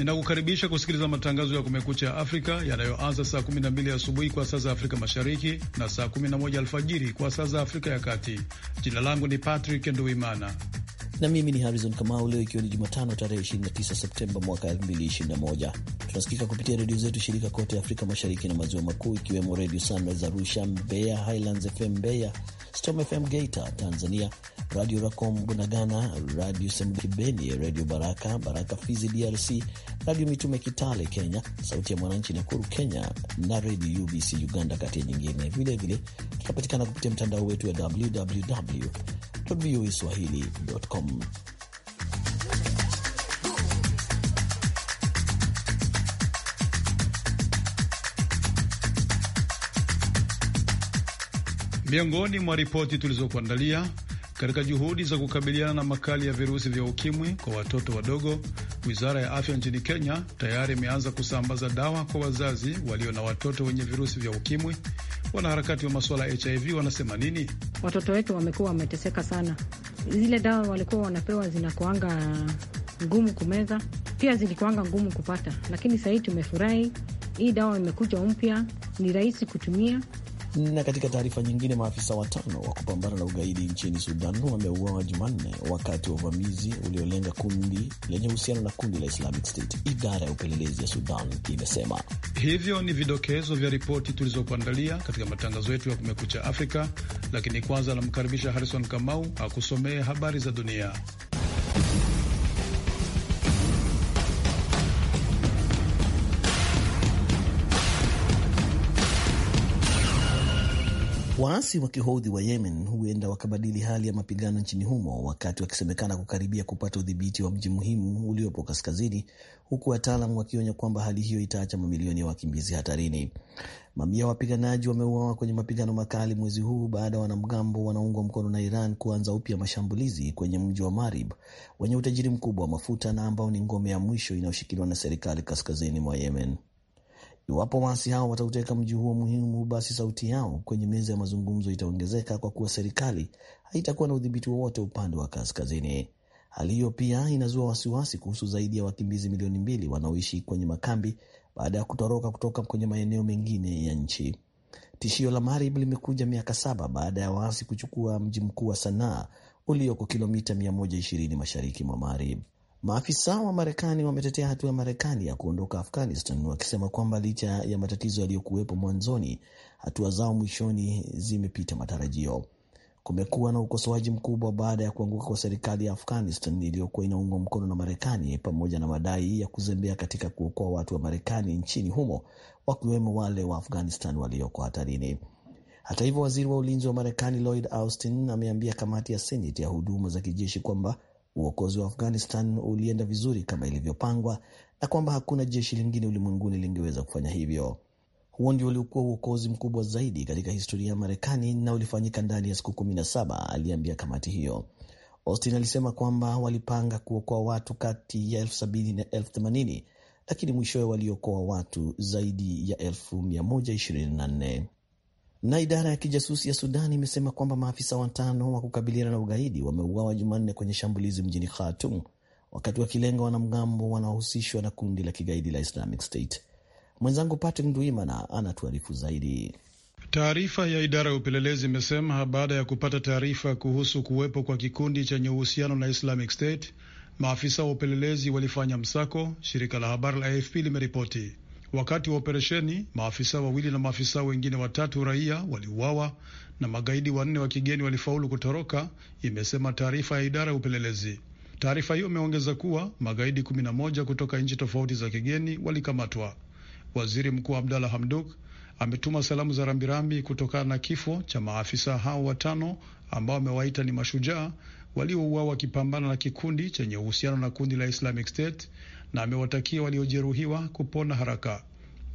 Ninakukaribisha kusikiliza matangazo ya Kumekucha Afrika yanayoanza saa 12 asubuhi kwa saa za Afrika Mashariki na saa 11 alfajiri kwa saa za Afrika ya Kati. Jina langu ni Patrick Nduimana na mimi ni Harrison Kamau. Leo ikiwa ni Jumatano tarehe 29 Septemba mwaka 2021, tunasikika kupitia redio zetu shirika kote Afrika Mashariki na Maziwa Makuu, ikiwemo Redio Sunrise Arusha, Mbeya Highlands FM Mbeya, Storm FM Geita Tanzania, Radio Racom Bunagana, Radio Semkibeni, Radio Baraka Baraka Fizi DRC, Radio Mitume Kitale Kenya, Sauti ya Mwananchi Nakuru Kenya na Radio UBC Uganda, kati ya nyingine. Vilevile tunapatikana kupitia mtandao wetu wa www voa swahili.com. Miongoni mwa ripoti tulizokuandalia katika juhudi za kukabiliana na makali ya virusi vya ukimwi kwa watoto wadogo, wizara ya afya nchini Kenya tayari imeanza kusambaza dawa kwa wazazi walio na watoto wenye virusi vya ukimwi. Wanaharakati wa masuala ya HIV wanasema nini? Watoto wetu wamekuwa wameteseka sana, zile dawa walikuwa wanapewa zinakuanga ngumu kumeza, pia zilikuanga ngumu kupata, lakini sahii tumefurahi, hii dawa imekuja mpya, ni rahisi kutumia na katika taarifa nyingine, maafisa watano wa kupambana na ugaidi nchini Sudan wameuawa Jumanne wakati wa uvamizi uliolenga kundi lenye uhusiano na kundi la Islamic State, idara ya upelelezi ya Sudan imesema. Hivyo ni vidokezo vya ripoti tulizokuandalia katika matangazo yetu ya Kumekucha Afrika, lakini kwanza anamkaribisha Harrison Kamau akusomee habari za dunia. Waasi wa kihoudhi wa Yemen huenda wakabadili hali ya mapigano nchini humo wakati wakisemekana kukaribia kupata udhibiti wa mji muhimu uliopo kaskazini, huku wataalam wakionya kwamba hali hiyo itaacha mamilioni ya wakimbizi hatarini. Mamia wapiganaji wameuawa kwenye mapigano makali mwezi huu baada ya wanamgambo wanaungwa mkono na Iran kuanza upya mashambulizi kwenye mji wa Marib wenye utajiri mkubwa wa mafuta na ambao ni ngome ya mwisho inayoshikiliwa na serikali kaskazini mwa Yemen. Iwapo waasi hao watauteka mji huo muhimu, basi sauti yao kwenye meza ya mazungumzo itaongezeka kwa kuwa serikali haitakuwa na udhibiti wowote upande wa kaskazini. Hali hiyo pia inazua wasiwasi kuhusu zaidi ya wakimbizi milioni mbili wanaoishi kwenye makambi baada ya kutoroka kutoka kwenye maeneo mengine ya nchi. Tishio la Marib limekuja miaka saba baada ya waasi kuchukua mji mkuu wa Sanaa ulioko kilomita 120 mashariki mwa Marib. Maafisa wa Marekani wametetea hatua ya Marekani ya kuondoka Afghanistan wakisema kwamba licha ya matatizo yaliyokuwepo mwanzoni, hatua zao mwishoni zimepita matarajio. Kumekuwa na ukosoaji mkubwa baada ya kuanguka kwa serikali ya Afghanistan iliyokuwa inaungwa mkono na Marekani, pamoja na madai ya kuzembea katika kuokoa watu wa Marekani nchini humo, wakiwemo wale wa Afghanistan walioko hatarini. Hata hivyo, waziri wa ulinzi wa Marekani Lloyd Austin ameambia kamati ya Seneti ya huduma za kijeshi kwamba uokozi wa Afghanistan ulienda vizuri kama ilivyopangwa na kwamba hakuna jeshi lingine ulimwenguni lingeweza kufanya hivyo. Huo ndio uliokuwa uokozi mkubwa zaidi katika historia ya Marekani na ulifanyika ndani ya siku 17, aliambia kamati hiyo. Austin alisema kwamba walipanga kuokoa watu kati ya elfu sabini na elfu themanini lakini mwishowe waliokoa watu zaidi ya elfu mia moja ishirini na nne. Na idara ya kijasusi ya Sudan imesema kwamba maafisa watano wa kukabiliana na ugaidi wameuawa Jumanne kwenye shambulizi mjini Khartoum wakati wakilenga wanamgambo wanaohusishwa na kundi la kigaidi la Islamic State. Mwenzangu Patrick Nduimana anatuarifu zaidi. Taarifa ya idara ya upelelezi imesema baada ya kupata taarifa kuhusu kuwepo kwa kikundi chenye uhusiano na Islamic State, maafisa wa upelelezi walifanya msako, shirika la habari la AFP limeripoti. Wakati wa operesheni, maafisa wawili na maafisa wengine watatu raia waliuawa na magaidi wanne wa kigeni walifaulu kutoroka, imesema taarifa ya idara ya upelelezi. Taarifa hiyo imeongeza kuwa magaidi kumi na moja kutoka nchi tofauti za kigeni walikamatwa. Waziri Mkuu Abdalla Hamduk ametuma salamu za rambirambi kutokana na kifo cha maafisa hao watano ambao amewaita ni mashujaa waliouawa wakipambana na kikundi chenye uhusiano na kundi la Islamic State na amewatakia waliojeruhiwa kupona haraka.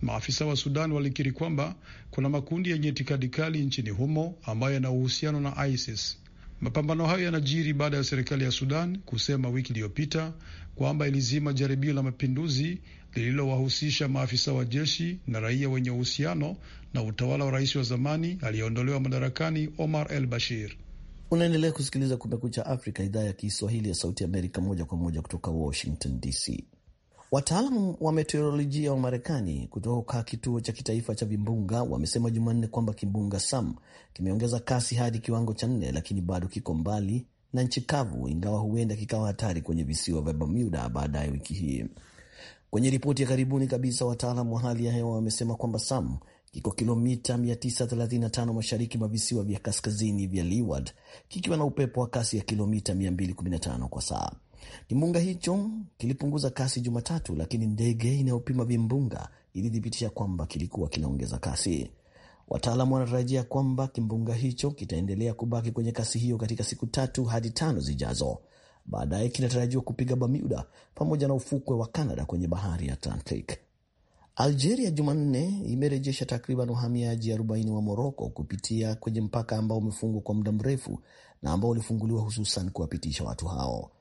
Maafisa wa Sudan walikiri kwamba kuna makundi yenye itikadi kali nchini humo ambayo yana uhusiano na ISIS. Mapambano hayo yanajiri baada ya serikali ya Sudan kusema wiki iliyopita kwamba ilizima jaribio la mapinduzi lililowahusisha maafisa wa jeshi na raia wenye uhusiano na utawala wa rais wa zamani aliyeondolewa madarakani Omar El Bashir. Unaendelea kusikiliza Kumekucha Afrika, idhaa ya Kiswahili ya Sauti Amerika, moja kwa moja kutoka Washington DC wataalam wa meteorolojia wa Marekani kutoka kituo cha kitaifa cha vimbunga wamesema Jumanne kwamba kimbunga Sam kimeongeza kasi hadi kiwango cha nne, lakini bado kiko mbali na nchi kavu, ingawa huenda kikawa hatari kwenye visiwa vya Bermuda baadaye wiki hii. Kwenye ripoti ya karibuni kabisa, wataalam wa hali ya hewa wamesema kwamba Sam kiko kilomita 935 mashariki mwa visiwa vya kaskazini vya Leeward kikiwa na upepo wa kasi ya kilomita 215 kwa saa. Kimbunga hicho kilipunguza kasi Jumatatu, lakini ndege inayopima vimbunga ilithibitisha kwamba kilikuwa kinaongeza kasi. Wataalam wanatarajia kwamba kimbunga hicho kitaendelea kubaki kwenye kasi hiyo katika siku tatu hadi tano zijazo. Baadaye kinatarajiwa kupiga Bermuda pamoja na ufukwe wa Canada kwenye bahari ya Atlantic. Algeria Jumanne imerejesha takriban wahamiaji 40 wa Moroko kupitia kwenye mpaka ambao umefungwa kwa muda mrefu na ambao ulifunguliwa hususan kuwapitisha watu hao.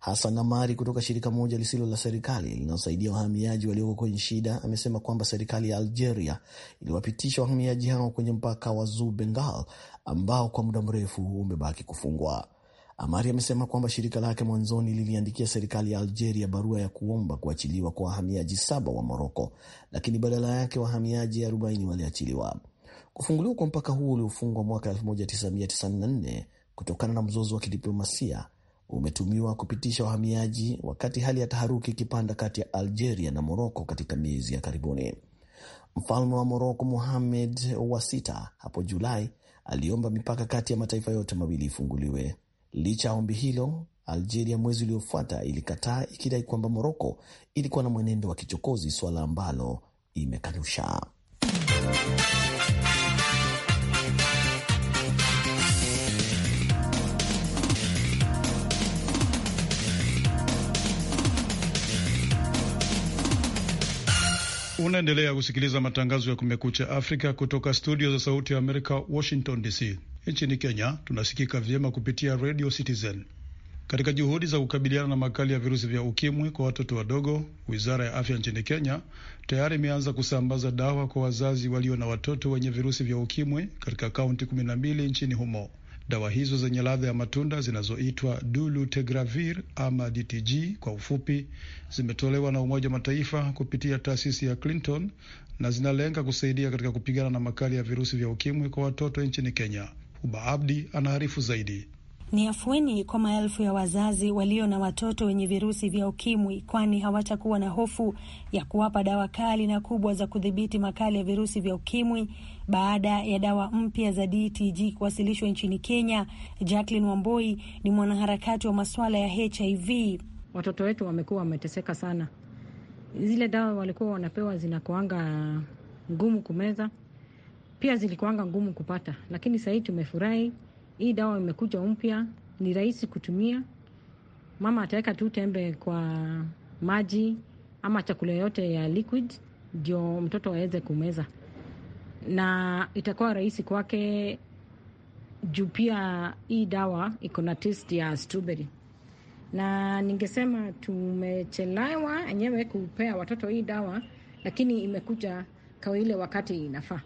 Hassan Amari kutoka shirika moja lisilo la serikali linalosaidia wahamiaji walioko kwenye shida amesema kwamba serikali ya Algeria iliwapitisha wahamiaji hao kwenye mpaka wa Zu Bengal ambao kwa muda mrefu umebaki kufungwa. Amari amesema kwamba shirika lake mwanzoni liliandikia serikali ya Algeria barua ya kuomba kuachiliwa kwa wahamiaji saba wa Moroko, lakini badala yake wahamiaji 40 waliachiliwa. Kufunguliwa kwa mpaka huo uliofungwa mwaka 1994 kutokana na mzozo wa kidiplomasia umetumiwa kupitisha wahamiaji, wakati hali ya taharuki ikipanda kati ya Algeria na Moroko katika miezi ya karibuni. Mfalme wa Moroko Muhamed wa Sita hapo Julai aliomba mipaka kati ya mataifa yote mawili ifunguliwe. Licha ya ombi hilo, Algeria mwezi uliofuata ilikataa ikidai kwamba Moroko ilikuwa na mwenendo wa kichokozi, suala ambalo imekanusha. Unaendelea kusikiliza matangazo ya Kumekucha Afrika kutoka studio za Sauti ya Amerika, Washington DC. Nchini Kenya tunasikika vyema kupitia Radio Citizen. Katika juhudi za kukabiliana na makali ya virusi vya ukimwi kwa watoto wadogo, wizara ya afya nchini Kenya tayari imeanza kusambaza dawa kwa wazazi walio na watoto wenye virusi vya ukimwi katika kaunti 12 nchini humo. Dawa hizo zenye ladha ya matunda zinazoitwa dolutegravir ama DTG kwa ufupi, zimetolewa na Umoja Mataifa kupitia taasisi ya Clinton na zinalenga kusaidia katika kupigana na makali ya virusi vya ukimwi kwa watoto nchini Kenya. Huba Abdi anaarifu zaidi ni afueni kwa maelfu ya wazazi walio na watoto wenye virusi vya ukimwi, kwani hawatakuwa na hofu ya kuwapa dawa kali na kubwa za kudhibiti makali ya virusi vya ukimwi baada ya dawa mpya za DTG kuwasilishwa nchini Kenya. Jacqueline Wamboi ni mwanaharakati wa masuala ya HIV. Watoto wetu wamekuwa wameteseka sana, zile dawa walikuwa wanapewa zinakuanga ngumu kumeza, pia zilikuanga ngumu kupata, lakini sahii tumefurahi hii dawa imekuja mpya, ni rahisi kutumia. Mama ataweka tu tembe kwa maji ama chakula yote ya liquid ndio mtoto aweze kumeza, na itakuwa rahisi kwake juu pia hii dawa iko na test ya strawberry, na ningesema tumechelewa enyewe kupea watoto hii dawa, lakini imekuja kwa ile wakati inafaa,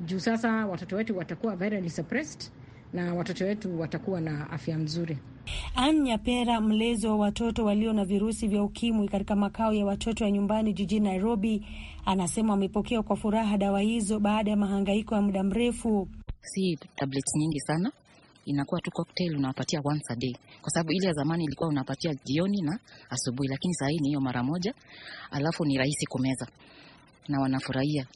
juu sasa watoto wetu watakuwa very suppressed na watoto wetu watakuwa na afya nzuri. nyapera mlezi wa watoto walio na virusi vya ukimwi katika makao ya watoto ya nyumbani jijini Nairobi, anasema wamepokea kwa furaha dawa hizo baada ya mahangaiko ya muda mrefu. Si tablets nyingi sana, inakuwa tu cocktail unawapatia once a day, kwa sababu ile ya zamani ilikuwa unapatia jioni na asubuhi, lakini sahii ni hiyo mara moja, alafu ni rahisi kumeza na wanafurahia.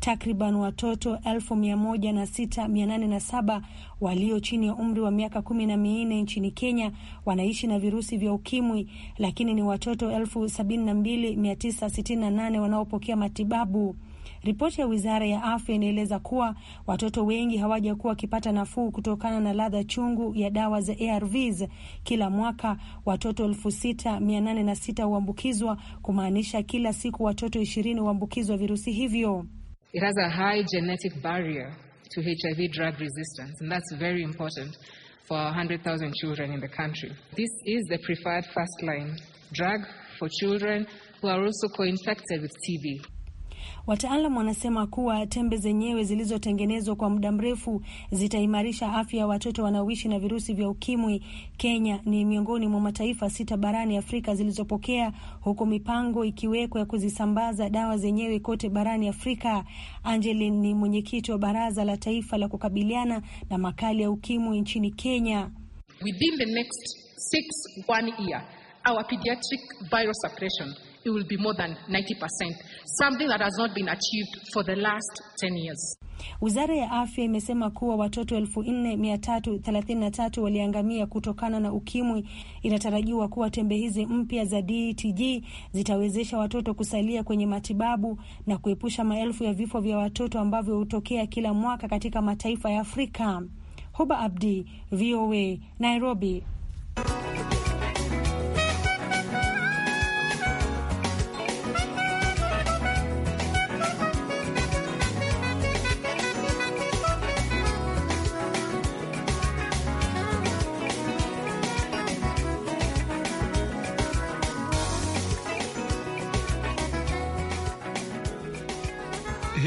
Takriban watoto elfu mia moja na sita mia nane na saba walio chini ya umri wa miaka kumi na minne nchini Kenya wanaishi na virusi vya ukimwi, lakini ni watoto elfu sabini na mbili mia tisa sitini na nane wanaopokea matibabu. Ripoti ya wizara ya afya inaeleza kuwa watoto wengi hawajakuwa wakipata nafuu kutokana na ladha chungu ya dawa za ARVs. Kila mwaka watoto elfu sita mia nane na sita huambukizwa, kumaanisha kila siku watoto ishirini huambukizwa virusi hivyo. It has a high genetic barrier to HIV drug resistance and that's very important for 100,000 children in the country. This is the preferred first line drug for children who are also co-infected with TB. Wataalam wanasema kuwa tembe zenyewe zilizotengenezwa kwa muda mrefu zitaimarisha afya ya watoto wanaoishi na virusi vya ukimwi. Kenya ni miongoni mwa mataifa sita barani Afrika zilizopokea, huku mipango ikiwekwa ya kuzisambaza dawa zenyewe kote barani Afrika. angeli ni mwenyekiti wa Baraza la Taifa la Kukabiliana na Makali ya Ukimwi nchini Kenya. Within the next six, one year, our pediatric virus suppression it will be more than 90%, something that has not been achieved for the last 10 years. Wizara ya afya imesema kuwa watoto elfu waliangamia kutokana na ukimwi. Inatarajiwa kuwa tembe hizi mpya za DTG e zitawezesha watoto kusalia kwenye matibabu na kuepusha maelfu ya vifo vya watoto ambavyo hutokea kila mwaka katika mataifa ya Afrika. Huba Abdi, VOA, Nairobi.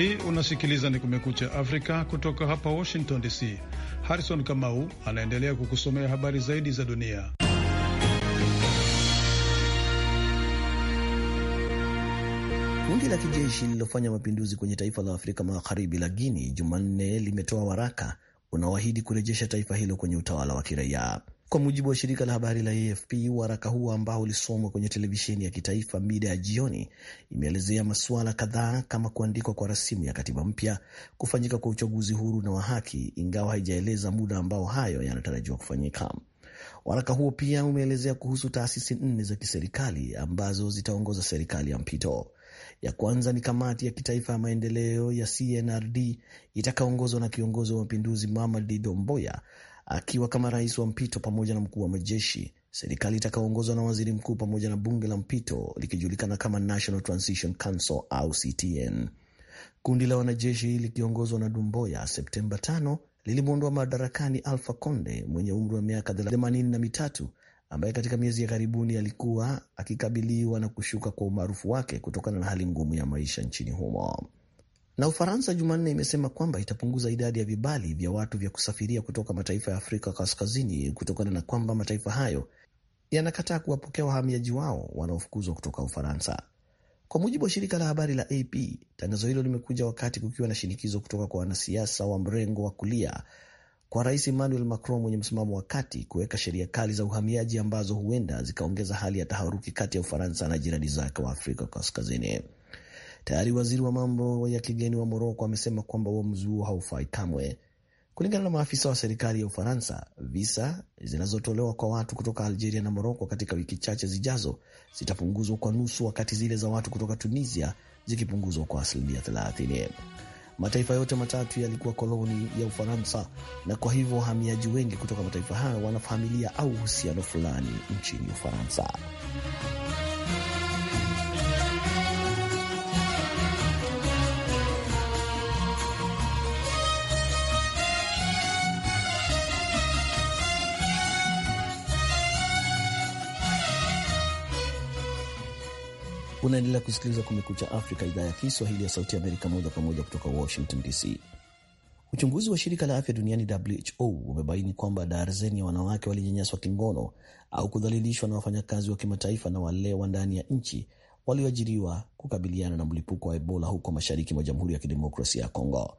hii unasikiliza ni Kumekucha Afrika kutoka hapa Washington DC. Harrison Kamau anaendelea kukusomea habari zaidi za dunia. Kundi la kijeshi lililofanya mapinduzi kwenye taifa la Afrika Magharibi la Guinea Jumanne limetoa waraka unaoahidi kurejesha taifa hilo kwenye utawala wa kiraia kwa mujibu wa shirika la habari la AFP. Waraka huo ambao ulisomwa kwenye televisheni ya kitaifa mida ya jioni, imeelezea masuala kadhaa kama kuandikwa kwa rasimu ya katiba mpya, kufanyika kwa uchaguzi huru na wa haki, ingawa haijaeleza muda ambao hayo yanatarajiwa kufanyika. Waraka huo pia umeelezea kuhusu taasisi nne za kiserikali ambazo zitaongoza serikali ya mpito. Ya kwanza ni kamati ya kitaifa ya maendeleo ya CNRD itakaongozwa na kiongozi wa mapinduzi Mamadi Domboya akiwa kama rais wa mpito pamoja na mkuu wa majeshi, serikali itakaoongozwa na waziri mkuu pamoja na bunge la mpito likijulikana kama National Transition Council au CTN. Kundi la wanajeshi likiongozwa na Dumboya Septemba 5 lilimwondoa madarakani Alfa Conde mwenye umri wa miaka themanini na mitatu ambaye katika miezi ya karibuni alikuwa akikabiliwa na kushuka kwa umaarufu wake kutokana na hali ngumu ya maisha nchini humo. Na Ufaransa Jumanne imesema kwamba itapunguza idadi ya vibali vya watu vya kusafiria kutoka mataifa ya Afrika Kaskazini kutokana na kwamba mataifa hayo yanakataa kuwapokea wahamiaji wao wanaofukuzwa kutoka Ufaransa. Kwa mujibu wa shirika la habari la AP, tangazo hilo limekuja wakati kukiwa na shinikizo kutoka kwa wanasiasa wa mrengo wa kulia kwa Rais Emmanuel Macron mwenye msimamo wa kati kuweka sheria kali za uhamiaji ambazo huenda zikaongeza hali ya taharuki kati ya Ufaransa na jirani zake wa Afrika Kaskazini. Tayari waziri wa mambo ya kigeni wa Moroko amesema kwamba uamuzi huo haufai kamwe. Kulingana na maafisa wa serikali ya Ufaransa, visa zinazotolewa kwa watu kutoka Algeria na Moroko katika wiki chache zijazo zitapunguzwa kwa nusu, wakati zile za watu kutoka Tunisia zikipunguzwa kwa asilimia 30. Mataifa yote matatu yalikuwa koloni ya Ufaransa na kwa hivyo wahamiaji wengi kutoka mataifa hayo wana familia au uhusiano fulani nchini Ufaransa. Unaendelea kusikiliza Kumekucha Afrika, idhaa ya Kiswahili ya Sauti Amerika, moja kwa moja kutoka Washington DC. Uchunguzi wa shirika la afya duniani WHO umebaini kwamba darzeni ya wanawake walinyanyaswa kingono au kudhalilishwa na wafanyakazi wa kimataifa na wale wa ndani ya nchi walioajiriwa kukabiliana na mlipuko wa Ebola huko mashariki mwa Jamhuri ya Kidemokrasia ya Kongo.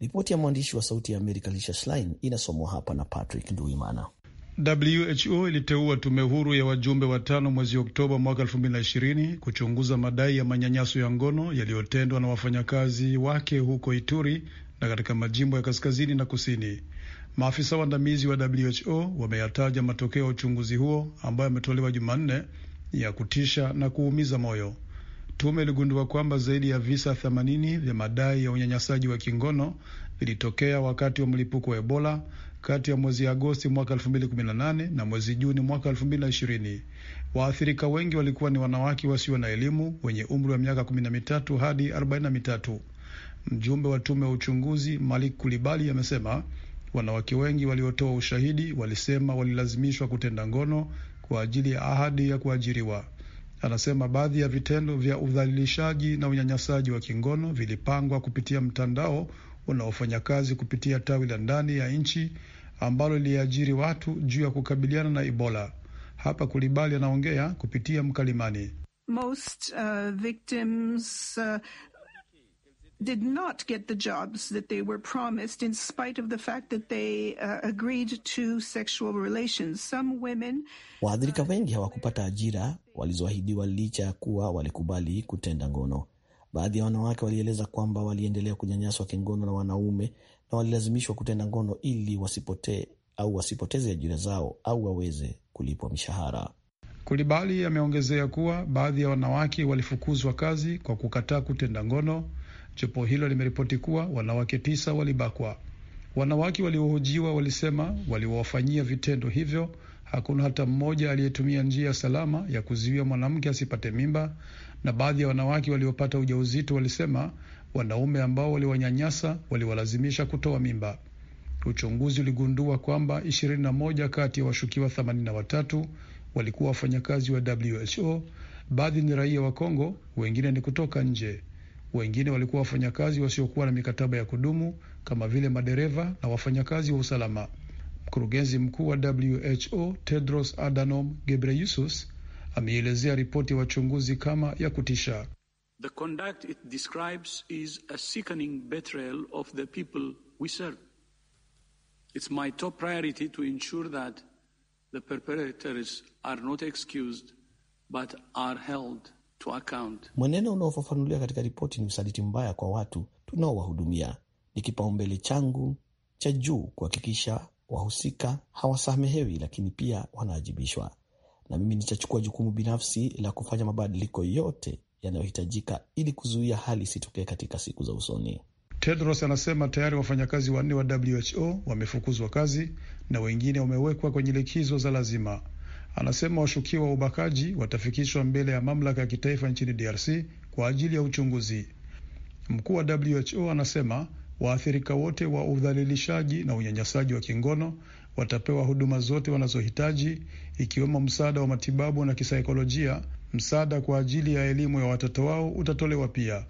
Ripoti ya mwandishi wa Sauti ya Amerika Lisha Schlein inasomwa hapa na Patrick Nduimana. WHO iliteua tume huru ya wajumbe watano mwezi Oktoba mwaka 2020 kuchunguza madai ya manyanyaso ya ngono yaliyotendwa na wafanyakazi wake huko Ituri na katika majimbo ya kaskazini na kusini. Maafisa waandamizi wa WHO wameyataja matokeo ya uchunguzi huo ambayo yametolewa Jumanne ya kutisha na kuumiza moyo. Tume iligundua kwamba zaidi ya visa 80 vya madai ya unyanyasaji wa kingono vilitokea wakati wa mlipuko wa Ebola kati ya mwezi Agosti mwaka 2018 na mwezi Juni mwaka 2020. Waathirika wengi walikuwa ni wanawake wasio na elimu wenye umri wa miaka 13 hadi 43. Mjumbe wa tume ya uchunguzi Malik Kulibali amesema wanawake wengi waliotoa ushahidi walisema walilazimishwa kutenda ngono kwa ajili ya ahadi ya kuajiriwa. Anasema baadhi ya vitendo vya udhalilishaji na unyanyasaji wa kingono vilipangwa kupitia mtandao unaofanya kazi kupitia tawi la ndani ya nchi ambalo liliajiri watu juu ya kukabiliana na Ebola. Hapa Kulibali anaongea kupitia mkalimani. Most, uh, victims, uh did not get the jobs that they were promised in spite of the fact that they uh, agreed to sexual relations. Some women, waathirika uh, wengi hawakupata ajira walizoahidiwa licha ya kuwa walikubali kutenda ngono. Baadhi ya wanawake walieleza kwamba waliendelea kunyanyaswa kingono na wanaume na walilazimishwa kutenda ngono ili wasipotee au wasipoteze ajira zao au waweze kulipwa mishahara. Kulibali ameongezea kuwa baadhi ya wanawake walifukuzwa kazi kwa kukataa kutenda ngono. Jopo hilo limeripoti kuwa wanawake tisa walibakwa. Wanawake waliohojiwa walisema waliowafanyia vitendo hivyo hakuna hata mmoja aliyetumia njia salama ya kuzuia mwanamke asipate mimba na baadhi ya wanawake waliopata ujauzito walisema wanaume ambao waliwanyanyasa waliwalazimisha kutoa mimba. Uchunguzi uligundua kwamba 21 kati ya washukiwa 83 walikuwa wafanyakazi wa WHO. Baadhi ni raia wa Kongo, wengine ni kutoka nje. Wengine walikuwa wafanyakazi wasiokuwa na mikataba ya kudumu kama vile madereva na wafanyakazi wa usalama. Mkurugenzi mkuu wa WHO Tedros Adhanom Ghebreyesus ameielezea ripoti ya wa wachunguzi kama ya kutisha. The conduct it describes is a sickening betrayal of the people we serve. It's my top priority to ensure that the perpetrators are not excused but are held to account. Mwenendo unaofafanulia katika ripoti ni usaliti mbaya kwa watu tunaowahudumia. Ni kipaumbele changu cha juu kuhakikisha wahusika hawasamehewi, lakini pia wanawajibishwa na mimi nitachukua jukumu binafsi la kufanya mabadiliko yote yanayohitajika ili kuzuia hali isitokee katika siku za usoni. Tedros anasema tayari wafanyakazi wanne wa WHO wamefukuzwa kazi na wengine wamewekwa kwenye likizo za lazima. Anasema washukiwa wa ubakaji watafikishwa mbele ya mamlaka ya kitaifa nchini DRC kwa ajili ya uchunguzi. Mkuu wa WHO anasema waathirika wote wa udhalilishaji na unyanyasaji wa kingono watapewa huduma zote wanazohitaji ikiwemo msaada wa matibabu na kisaikolojia. Msaada kwa ajili ya elimu ya watoto wao utatolewa pia.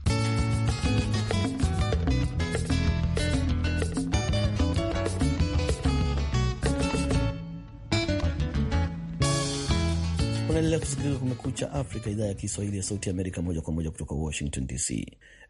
Unaendelea kusikiliza Kumekucha Afrika, idhaa ya Kiswahili ya Sauti Amerika, moja kwa moja kutoka Washington DC.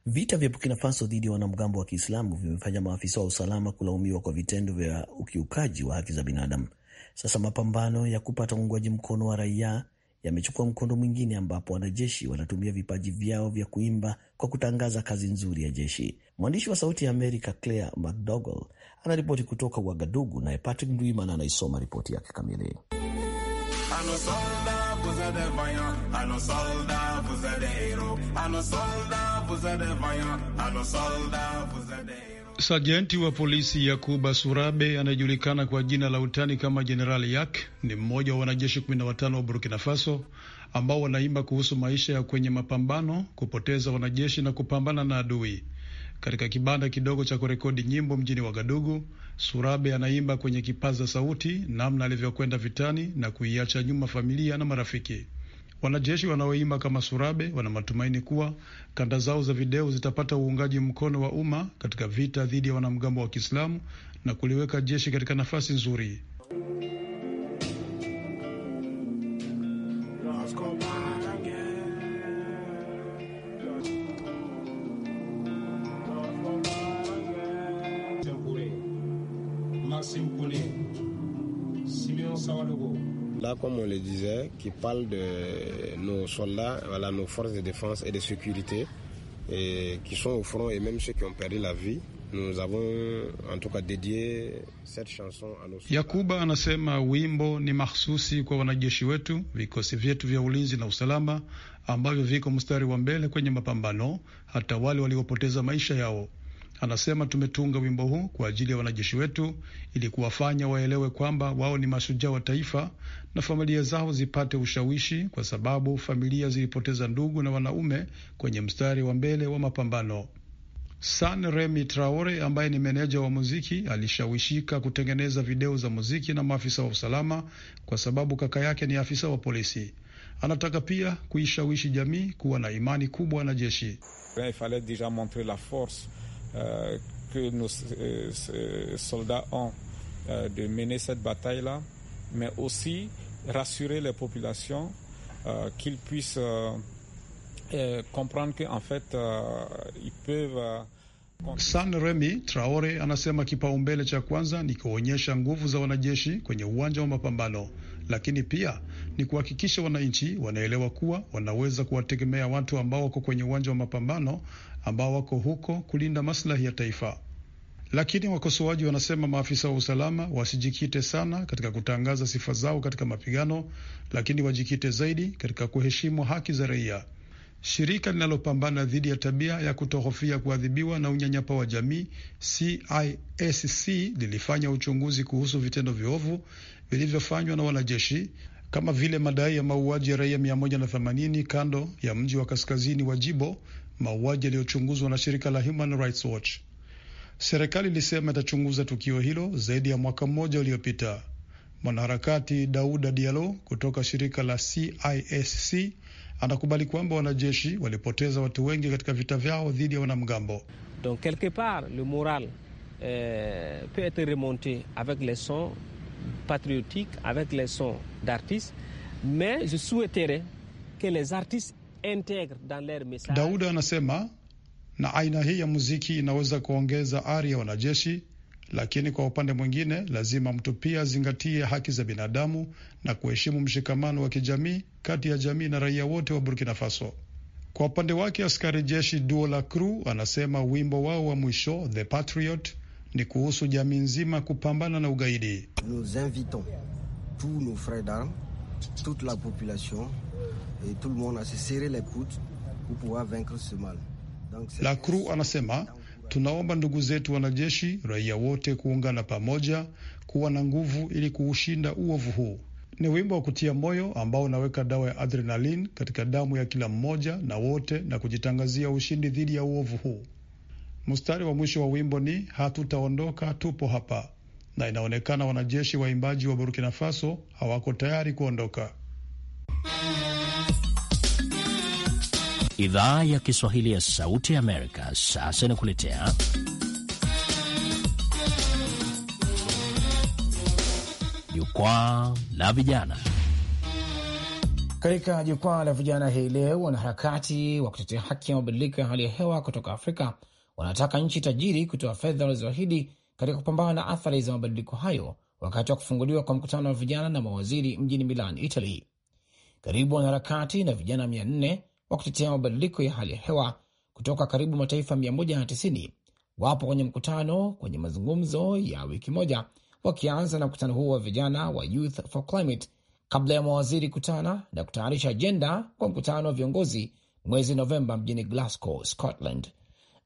Vita vya Burkina Faso dhidi ya wanamgambo wa Kiislamu vimefanya maafisa wa usalama kulaumiwa kwa vitendo vya ukiukaji wa haki za binadamu. Sasa mapambano ya kupata uungwaji mkono wa raia yamechukua mkondo mwingine ambapo wanajeshi wanatumia vipaji vyao vya kuimba kwa kutangaza kazi nzuri ya jeshi. Mwandishi wa Sauti ya Amerika Claire McDougall anaripoti kutoka uagadugu naye Patrick Ndwimana anaisoma ripoti yake kamili vous êtes des vaillants, à nos soldats, vous êtes des héros, à nos soldats, vous êtes des vaillants, à nos soldats, vous êtes des héros. Sajenti wa polisi Yakuba Surabe anayejulikana kwa jina la utani kama Jenerali Yak ni mmoja wa wanajeshi 15 wa Burkina Faso ambao wanaimba kuhusu maisha ya kwenye mapambano, kupoteza wanajeshi na kupambana na adui katika kibanda kidogo cha kurekodi nyimbo mjini Wagadugu. Surabe anaimba kwenye kipaza sauti namna alivyokwenda vitani na kuiacha nyuma familia na marafiki. Wanajeshi wanaoimba kama Surabe wana matumaini kuwa kanda zao za video zitapata uungaji mkono wa umma katika vita dhidi ya wanamgambo wa Kiislamu na kuliweka jeshi katika nafasi nzuri. Ouagadougou. Là, comme on le disait, qui parle de nos soldats, voilà, nos forces de défense et de sécurité, et qui sont au front et même ceux qui ont perdu la vie. Nous avons en tout cas dédié cette chanson à nos soldats. Yakuba anasema wimbo ni mahsusi kwa wanajeshi wetu, vikosi vyetu vya ulinzi na usalama ambavyo viko mstari wa mbele kwenye mapambano, hata wale waliopoteza maisha yao. Anasema tumetunga wimbo huu kwa ajili ya wanajeshi wetu ili kuwafanya waelewe kwamba wao ni mashujaa wa taifa na familia zao zipate ushawishi, kwa sababu familia zilipoteza ndugu na wanaume kwenye mstari wa mbele wa mapambano. San Remi Traore ambaye ni meneja wa muziki alishawishika kutengeneza video za muziki na maafisa wa usalama kwa sababu kaka yake ni afisa wa polisi. Anataka pia kuishawishi jamii kuwa na imani kubwa na jeshi. Euh, que nos euh, soldats ont euh, de mener cette bataille-là, mais aussi rassurer les populations qu'ils puissent comprendre qu'en fait, ils peuvent... San Remi Traore anasema kipaumbele cha kwanza ni kuonyesha nguvu za wanajeshi kwenye uwanja wa mapambano, lakini pia ni kuhakikisha wananchi wanaelewa kuwa wanaweza kuwategemea watu ambao wako kwenye uwanja wa mapambano, ambao wako huko kulinda maslahi ya taifa. Lakini wakosoaji wanasema maafisa wa usalama wasijikite sana katika kutangaza sifa zao katika mapigano, lakini wajikite zaidi katika kuheshimu haki za raia. Shirika linalopambana dhidi ya tabia ya kutohofia kuadhibiwa na unyanyapa wa jamii CISC lilifanya uchunguzi kuhusu vitendo viovu vilivyofanywa na wanajeshi kama vile madai ya mauaji ya raia 180 kando ya mji wa kaskazini wa Jibo, mauaji yaliyochunguzwa na shirika la Human Rights Watch. Serikali ilisema itachunguza tukio hilo zaidi ya mwaka mmoja uliopita. Mwanaharakati Dauda Diallo kutoka shirika la CISC Anakubali kwamba wanajeshi walipoteza watu wengi katika vita vyao dhidi ya wanamgambo. Donc quelque part le moral eh, peut etre remonte avec les sons patriotiques avec les sons d'artistes mais je souhaiterais que les artistes intègrent dans leur message. Dauda anasema na aina hii ya muziki inaweza kuongeza ari ya wanajeshi lakini kwa upande mwingine lazima mtu pia azingatie haki za binadamu na kuheshimu mshikamano wa kijamii kati ya jamii na raia wote wa Burkina Faso. Kwa upande wake, askari jeshi Duo la cru anasema wimbo wao wa mwisho The Patriot ni kuhusu jamii nzima kupambana na ugaidi. Nous invitons tous nos d'armes, toute la population et tout le monde se serrer les coudes pour pouvoir vaincre ce mal. Donc, la anasema Tunaomba ndugu zetu wanajeshi, raia wote kuungana pamoja, kuwa na nguvu ili kuushinda uovu huu. Ni wimbo wa kutia moyo ambao unaweka dawa ya adrenalin katika damu ya kila mmoja na wote na kujitangazia ushindi dhidi ya uovu huu. Mstari wa mwisho wa wimbo ni hatutaondoka, tupo hapa, na inaonekana wanajeshi waimbaji wa Burkina Faso hawako tayari kuondoka. Idhaa ya Kiswahili ya Sauti ya Amerika sasa inakuletea jukwaa la vijana. Katika jukwaa la vijana hii leo, wanaharakati wa kutetea haki ya mabadiliko ya hali ya hewa kutoka Afrika wanataka nchi tajiri kutoa fedha walizoahidi katika kupambana na athari za mabadiliko hayo, wakati wa kufunguliwa kwa mkutano wa vijana na mawaziri mjini Milan, Italy. Karibu wanaharakati na vijana mia nne wa kutetea mabadiliko ya hali ya hewa kutoka karibu mataifa 190 wapo kwenye mkutano kwenye mazungumzo ya wiki moja, wakianza na mkutano huo wa vijana wa Youth for Climate kabla ya mawaziri kutana na kutayarisha ajenda kwa mkutano wa viongozi mwezi Novemba mjini Glasgow, Scotland.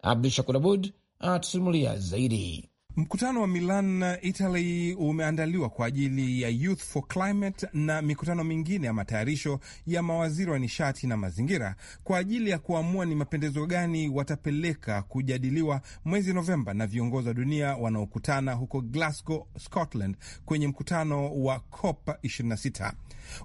Abdu Shakur Abud anatusimulia zaidi. Mkutano wa Milan, Italy umeandaliwa kwa ajili ya Youth for Climate na mikutano mingine ya matayarisho ya mawaziri wa nishati na mazingira kwa ajili ya kuamua ni mapendezo gani watapeleka kujadiliwa mwezi Novemba na viongozi wa dunia wanaokutana huko Glasgow, Scotland kwenye mkutano wa COP 26.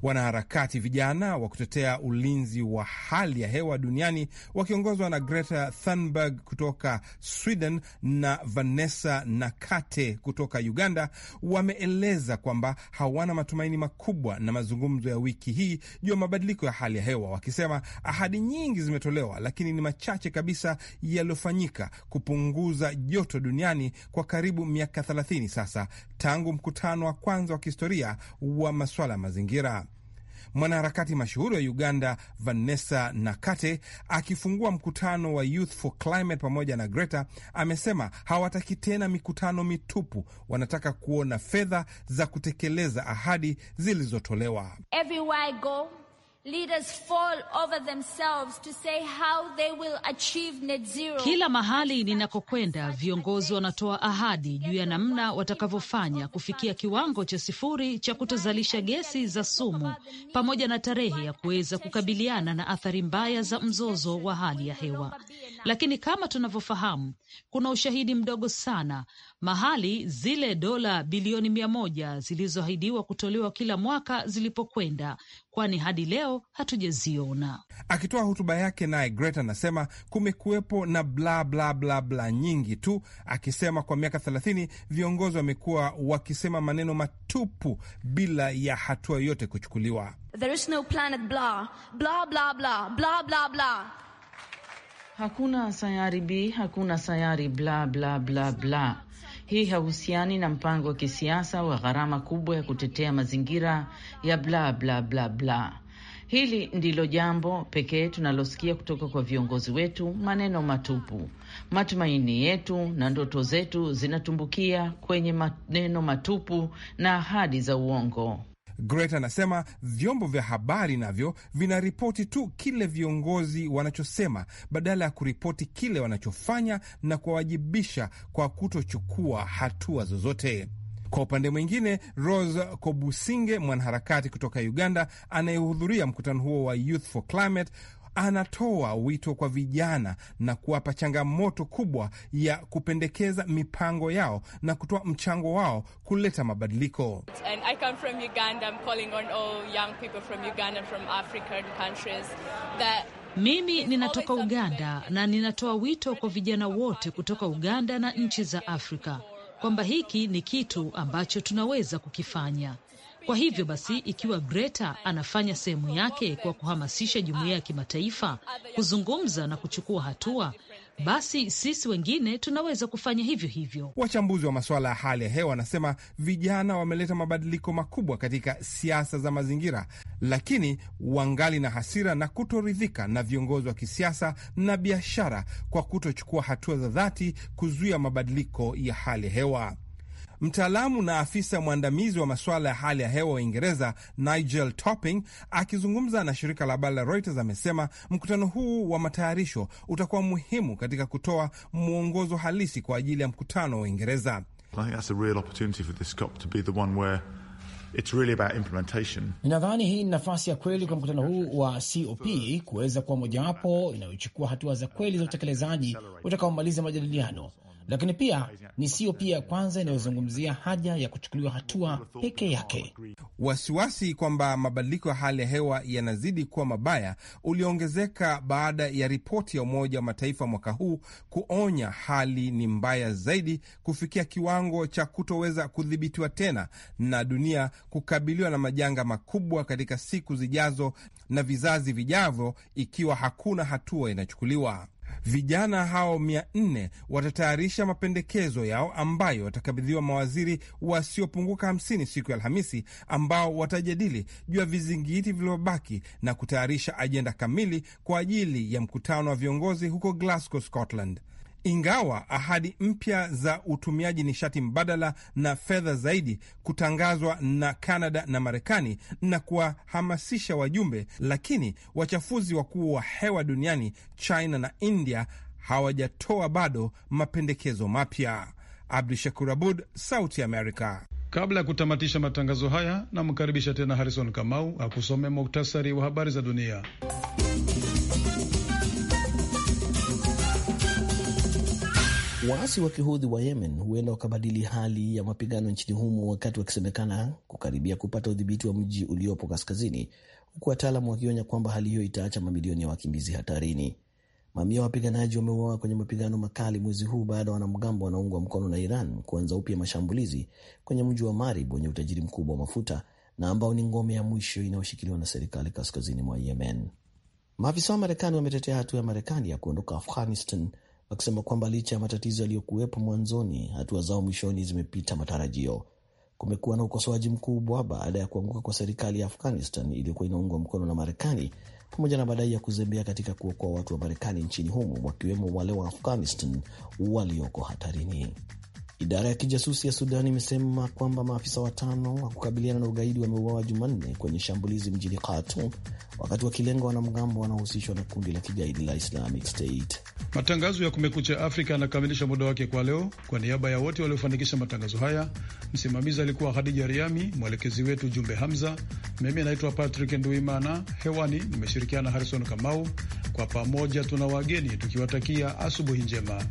Wanaharakati vijana wa kutetea ulinzi wa hali ya hewa duniani wakiongozwa na Greta Thunberg kutoka Sweden na Vanessa Nakate kutoka Uganda wameeleza kwamba hawana matumaini makubwa na mazungumzo ya wiki hii juu ya mabadiliko ya hali ya hewa, wakisema ahadi nyingi zimetolewa, lakini ni machache kabisa yaliyofanyika kupunguza joto duniani kwa karibu miaka 30 sasa tangu mkutano wa kwanza wa kihistoria wa masuala ya mazingira mwanaharakati mashuhuri wa Uganda Vanessa Nakate akifungua mkutano wa Youth for Climate pamoja na Greta amesema hawataki tena mikutano mitupu, wanataka kuona fedha za kutekeleza ahadi zilizotolewa. Leaders fall over themselves to say how they will achieve net zero. Kila mahali ninakokwenda viongozi wanatoa ahadi juu ya namna watakavyofanya kufikia kiwango cha sifuri cha kutozalisha gesi za sumu pamoja na tarehe ya kuweza kukabiliana na athari mbaya za mzozo wa hali ya hewa. Lakini kama tunavyofahamu, kuna ushahidi mdogo sana mahali zile dola bilioni mia moja zilizoahidiwa kutolewa kila mwaka zilipokwenda kwani hadi leo hatujaziona. Akitoa hotuba yake, naye Greta anasema kumekuwepo na bla bla bla bla nyingi tu, akisema kwa miaka thelathini viongozi wamekuwa wakisema maneno matupu bila ya hatua yoyote kuchukuliwa. There is no planet Hakuna sayari b, hakuna sayari bla bla bla bla. Hii hauhusiani na mpango wa kisiasa wa gharama kubwa ya kutetea mazingira ya bla bla bla bla. Hili ndilo jambo pekee tunalosikia kutoka kwa viongozi wetu, maneno matupu. Matumaini yetu na ndoto zetu zinatumbukia kwenye maneno matupu na ahadi za uongo. Greta anasema vyombo vya habari navyo vinaripoti tu kile viongozi wanachosema badala ya kuripoti kile wanachofanya na kuwawajibisha kwa kutochukua hatua zozote. Kwa upande mwingine, Rose Kobusinge, mwanaharakati kutoka Uganda anayehudhuria mkutano huo wa Youth for Climate anatoa wito kwa vijana na kuwapa changamoto kubwa ya kupendekeza mipango yao na kutoa mchango wao kuleta mabadiliko. Mimi ninatoka Uganda na ninatoa wito kwa vijana wote kutoka Uganda na nchi za Afrika kwamba hiki ni kitu ambacho tunaweza kukifanya. Kwa hivyo basi, ikiwa Greta anafanya sehemu yake kwa kuhamasisha jumuiya ya kimataifa kuzungumza na kuchukua hatua, basi sisi wengine tunaweza kufanya hivyo hivyo. Wachambuzi wa masuala ya hali ya hewa wanasema vijana wameleta mabadiliko makubwa katika siasa za mazingira, lakini wangali na hasira na kutoridhika na viongozi wa kisiasa na biashara kwa kutochukua hatua za dhati kuzuia mabadiliko ya hali ya hewa. Mtaalamu na afisa mwandamizi wa masuala ya hali ya hewa Uingereza Nigel Topping akizungumza na shirika la habari la Reuters amesema mkutano huu wa matayarisho utakuwa muhimu katika kutoa mwongozo halisi kwa ajili ya mkutano wa Uingereza. Ninadhani hii ni nafasi ya kweli kwa mkutano huu wa COP kuweza kuwa mojawapo inayochukua hatua za kweli za utekelezaji utakaomaliza majadiliano lakini pia ni siyo pia ya kwanza inayozungumzia haja ya kuchukuliwa hatua peke yake. Wasiwasi kwamba mabadiliko ya hali ya hewa yanazidi kuwa mabaya uliongezeka baada ya ripoti ya Umoja wa Mataifa mwaka huu kuonya hali ni mbaya zaidi kufikia kiwango cha kutoweza kudhibitiwa tena na dunia kukabiliwa na majanga makubwa katika siku zijazo na vizazi vijavyo ikiwa hakuna hatua inachukuliwa. Vijana hao mia nne watatayarisha mapendekezo yao ambayo watakabidhiwa mawaziri wasiopunguka hamsini siku ya Alhamisi, ambao watajadili juu ya vizingiti vilivyobaki na kutayarisha ajenda kamili kwa ajili ya mkutano wa viongozi huko Glasgow, Scotland ingawa ahadi mpya za utumiaji nishati mbadala na fedha zaidi kutangazwa na Kanada na Marekani na kuwahamasisha wajumbe, lakini wachafuzi wakuu wa hewa duniani China na India hawajatoa bado mapendekezo mapya. Abdu Shakur Abud, Sauti America. Kabla ya kutamatisha matangazo haya, namkaribisha tena Harrison Kamau akusome muktasari wa habari za dunia. Waasi wa kihudhi wa Yemen huenda wakabadili hali ya mapigano nchini humo, wakati wakisemekana kukaribia kupata udhibiti wa mji uliopo kaskazini, huku wataalamu wakionya kwamba hali hiyo itaacha mamilioni ya wakimbizi hatarini. Mamia ya wapiganaji wameuawa kwenye mapigano makali mwezi huu baada ya wanamgambo wanaungwa mkono na Iran kuanza upya mashambulizi kwenye mji wa Marib wenye utajiri mkubwa wa mafuta na ambao ni ngome ya mwisho inayoshikiliwa na serikali kaskazini mwa Yemen. Maafisa wa Marekani wametetea hatua ya Marekani ya kuondoka Afghanistan wakisema kwamba licha ya matatizo yaliyokuwepo mwanzoni, hatua zao mwishoni zimepita matarajio. Kumekuwa na ukosoaji mkubwa baada ya kuanguka kwa serikali ya Afghanistan iliyokuwa inaungwa mkono na Marekani pamoja na madai ya kuzembea katika kuokoa watu wa Marekani nchini humo wakiwemo wale wa Afghanistan walioko hatarini. Idara ya kijasusi ya Sudan imesema kwamba maafisa watano wa kukabiliana na ugaidi wameuawa Jumanne kwenye shambulizi mjini Khartoum, wakati wakilenga wanamgambo wanaohusishwa na kundi la kigaidi la Islamic State. Matangazo ya Kumekucha Afrika yanakamilisha muda wake kwa leo. Kwa niaba ya wote waliofanikisha matangazo haya, msimamizi alikuwa Hadija Riami, mwelekezi wetu Jumbe Hamza. Mimi anaitwa Patrick Nduimana, hewani nimeshirikiana Harrison Kamau. Kwa pamoja tuna wageni tukiwatakia asubuhi njema.